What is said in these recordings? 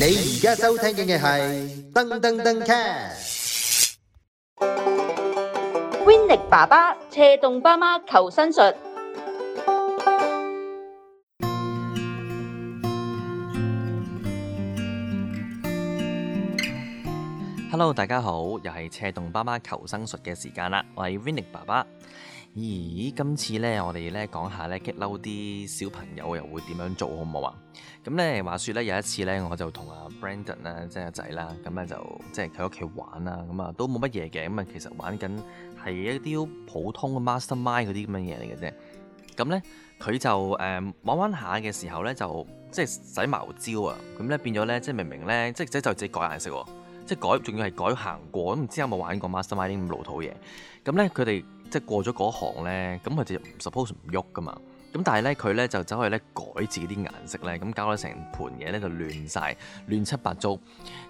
你而家收聽緊嘅係《燈登登 cast》，Vinnick 爸爸斜動爸媽求生術。Hello，大家好，又係斜動爸媽求生術嘅時間啦，我係 Vinnick 爸爸。咦，今次咧，我哋咧講下咧激嬲啲小朋友又會點樣做好唔好啊？咁、嗯、咧話說咧有一次咧，我就同阿 Brandon 咧、嗯、即係阿仔啦，咁咧就即係喺屋企玩啦，咁啊都冇乜嘢嘅，咁啊其實玩緊係一啲普通嘅 mastermind 嗰啲咁嘅嘢嚟嘅啫。咁咧佢就誒、嗯、玩玩下嘅時候咧就即係使毛招啊！咁、嗯、咧變咗咧即係明明咧即係仔就自己改顏色喎，即係改，仲要係改行過，咁唔知有冇玩過 mastermind 咁老土嘢。咁咧佢哋。嗯即係過咗嗰行咧，咁佢就 suppose 唔喐噶嘛。咁但係咧，佢咧就走去咧改自己啲顏色咧，咁搞到成盤嘢咧就亂晒，亂七八糟。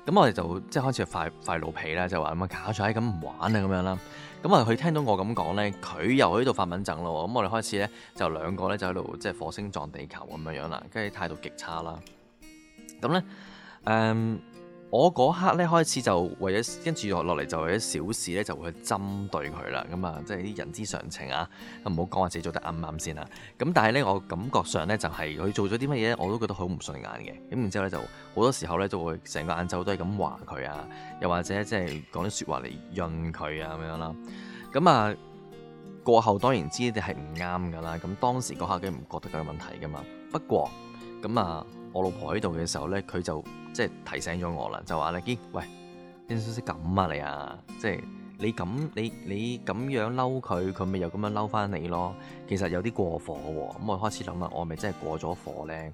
咁我哋就即係開始發發老脾啦，就話咁啊搞咗喺咁玩啊咁樣啦。咁啊，佢聽到我咁講咧，佢又喺度發敏憎咯。咁我哋開始咧就兩個咧就喺度即係火星撞地球咁樣樣啦，跟住態度極差啦。咁咧誒。嗯我嗰刻咧開始就為咗跟住落嚟就為咗小事咧就會去針對佢啦，咁、嗯、啊即係啲人之常情啊，唔好講話自己做得啱唔啱先啦。咁但係咧我感覺上咧就係、是、佢做咗啲乜嘢我都覺得好唔順眼嘅。咁然之後咧就好多時候咧就會成個晏晝都係咁話佢啊，又或者即係講啲説話嚟潤佢啊咁樣啦、啊。咁啊過後當然知你係唔啱噶啦，咁當時嗰刻梗唔覺得佢有問題噶嘛。不過咁啊我老婆喺度嘅時候咧佢就。即係提醒咗我啦，就話你：欸「堅，喂，點解識咁啊？你啊，即係你咁，你你咁樣嬲佢，佢咪又咁樣嬲翻你咯？其實有啲過火喎、哦。咁我開始諗啦，我咪真係過咗火咧？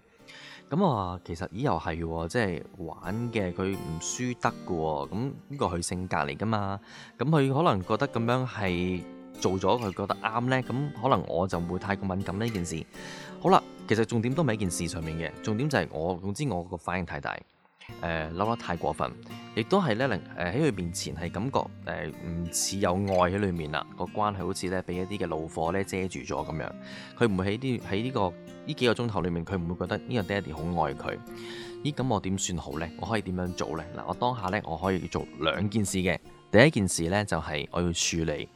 咁啊，其實咦又係喎、哦，即係玩嘅佢唔輸得嘅喎。咁呢個係佢性格嚟㗎嘛。咁佢可能覺得咁樣係做咗佢覺得啱咧。咁可能我就唔會太過敏感呢件事。好啦，其實重點都喺一件事上面嘅，重點就係我總之我個反應太大。誒嬲得太過分，亦都係咧，令誒喺佢面前係感覺誒唔似有愛喺裏面啦，個關係好似咧俾一啲嘅怒火咧遮住咗咁樣，佢唔會喺啲喺呢個呢幾個鐘頭裏面，佢唔會覺得呢個爹哋好愛佢，咦，咁我點算好呢？我可以點樣做呢？嗱，我當下呢，我可以做兩件事嘅，第一件事呢，就係我要處理，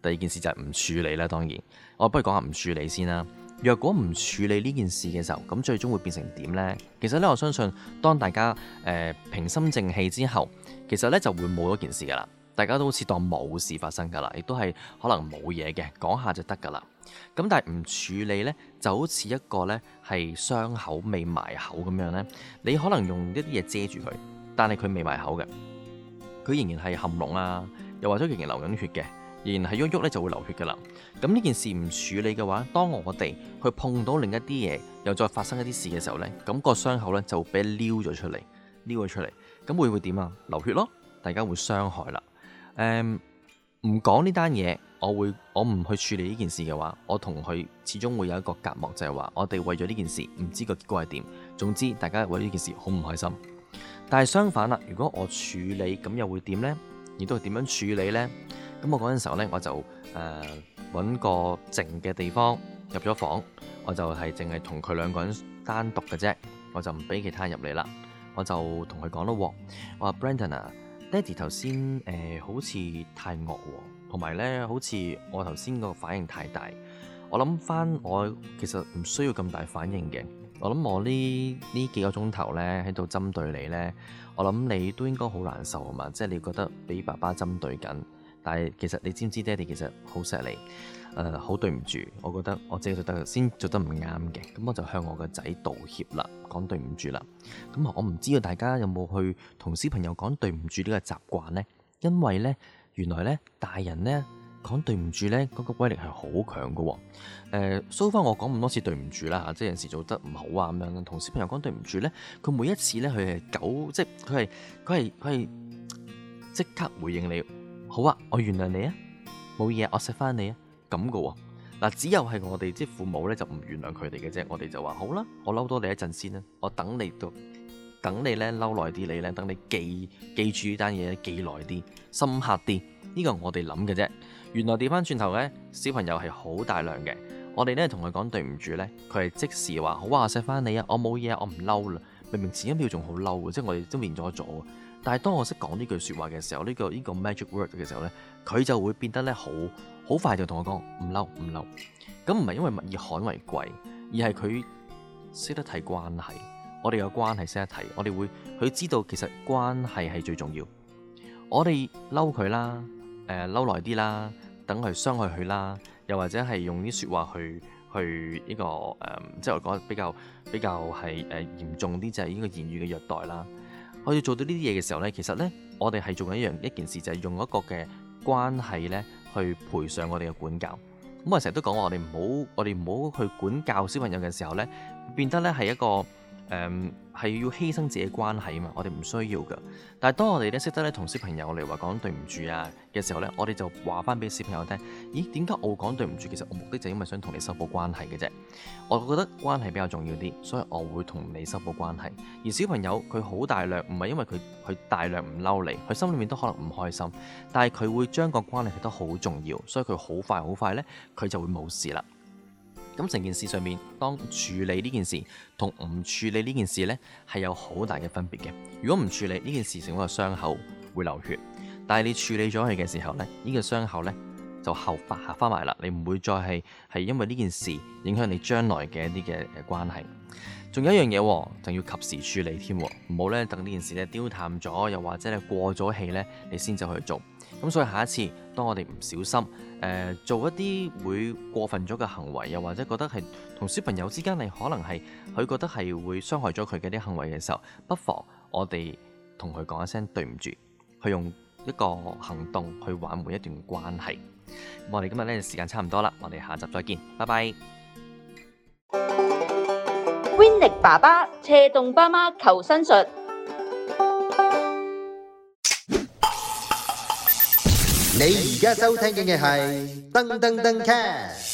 第二件事就係唔處理啦。當然，我不如講下唔處理先啦。若果唔處理呢件事嘅時候，咁最終會變成點呢？其實呢，我相信當大家誒、呃、平心靜氣之後，其實呢就會冇咗件事噶啦。大家都好似當冇事發生噶啦，亦都係可能冇嘢嘅，講下就得噶啦。咁但係唔處理呢，就好似一個呢係傷口未埋口咁樣呢。你可能用一啲嘢遮住佢，但係佢未埋口嘅，佢仍然係含膿呀，又或者仍然流緊血嘅。然係喐喐咧，就會流血噶啦。咁呢件事唔處理嘅話，當我哋去碰到另一啲嘢，又再發生一啲事嘅時候呢，咁個傷口呢就會俾撩咗出嚟，撩咗出嚟，咁會唔會點啊？流血咯，大家會傷害啦。誒、嗯，唔講呢單嘢，我會我唔去處理呢件事嘅話，我同佢始終會有一個隔膜，就係話我哋為咗呢件事唔知個結果係點。總之，大家為呢件事好唔開心。但係相反啦，如果我處理咁又會點呢？亦都係點樣處理呢？咁我嗰陣時候呢，我就誒揾個靜嘅地方入咗房，我就係淨係同佢兩個人單獨嘅啫，我就唔俾其他人入嚟啦。我就同佢講啦，我話：Brenton 啊，爹哋頭先誒好似太惡，同埋咧好似我頭先個反應太大。我諗翻我其實唔需要咁大反應嘅。我諗我呢呢幾個鐘頭咧喺度針對你咧，我諗你都應該好難受啊嘛，即係你覺得俾爸爸針對緊。但係，其實你知唔知爹哋其實好錫你，誒、呃、好對唔住。我覺得我自己做得先做得唔啱嘅。咁我就向我個仔道歉啦，講對唔住啦。咁我唔知道大家有冇去同小朋友講對唔住呢個習慣呢？因為呢，原來呢，大人呢講對唔住呢，嗰、那個威力係好強㗎喎、哦。蘇、呃、翻、so、我講咁多次對唔住啦，即係有時做得唔好啊，咁樣同小朋友講對唔住呢，佢每一次呢，佢係狗，即佢係佢係佢係即刻回應你。好啊，我原諒你啊，冇嘢，我錫翻你啊，咁噶喎。嗱，只有係我哋即父母呢，就唔原諒佢哋嘅啫。我哋就話好啦，我嬲多你一陣先啦，我等你到，等你呢，嬲耐啲，你呢，等你記記住呢單嘢，記耐啲，深刻啲。呢個我哋諗嘅啫。原來調翻轉頭呢，小朋友係好大量嘅。我哋呢，同佢講對唔住呢，佢係即時話好啊，錫翻你啊，我冇嘢，我唔嬲啦。明明前一秒仲好嬲嘅，即係我哋都變咗咗。但係當我識講呢句說話嘅時候，呢個呢個 magic word 嘅時候呢，佢就會變得呢，好好快就同我講，唔嬲，唔嬲。咁唔係因為物以罕為貴，而係佢識得睇關係，我哋嘅關係，識得睇，我哋會佢知道其實關係係最重要。我哋嬲佢啦，誒嬲耐啲啦，等佢傷害佢啦，又或者係用啲說話去去呢個誒，即係我講比較比較係誒嚴重啲就係呢個言語嘅虐待啦。我要做到呢啲嘢嘅時候呢，其實呢，我哋係做有一樣一件事，就係、是、用一個嘅關係呢去賠上我哋嘅管教。咁我成日都講話，我哋唔好，我哋唔好去管教小朋友嘅時候呢，變得呢係一個。誒係、um, 要犧牲自己關係啊嘛，我哋唔需要噶。但係當我哋咧識得咧同小朋友嚟話講對唔住啊嘅時候咧，我哋就話翻俾小朋友聽，咦點解我講對唔住？其實我目的就因為想同你修補關係嘅啫。我覺得關係比較重要啲，所以我會同你修補關係。而小朋友佢好大量，唔係因為佢佢大量唔嬲你，佢心裏面都可能唔開心，但係佢會將個關係睇得好重要，所以佢好快好快咧，佢就會冇事啦。咁成件事上面，當處理呢件事同唔處理呢件事呢，係有好大嘅分別嘅。如果唔處理呢件事，成為一個傷口會流血；但係你處理咗佢嘅時候呢，呢個傷口呢，就後發下翻埋啦，你唔會再係係因為呢件事影響你將來嘅一啲嘅關係。仲有一樣嘢，就要及時處理添，唔好呢，等呢件事呢丟淡咗，又或者呢過咗氣呢，你先就去做。咁所以下一次，當我哋唔小心，誒、呃、做一啲會過分咗嘅行為，又或者覺得係同小朋友之間，係可能係佢覺得係會傷害咗佢嘅啲行為嘅時候，不妨我哋同佢講一聲對唔住，去用一個行動去挽回一段關係。我哋今日呢時間差唔多啦，我哋下集再見，拜拜。Winny 爸爸扯動爸媽求生術。你而家收聽嘅係燈登登 cast。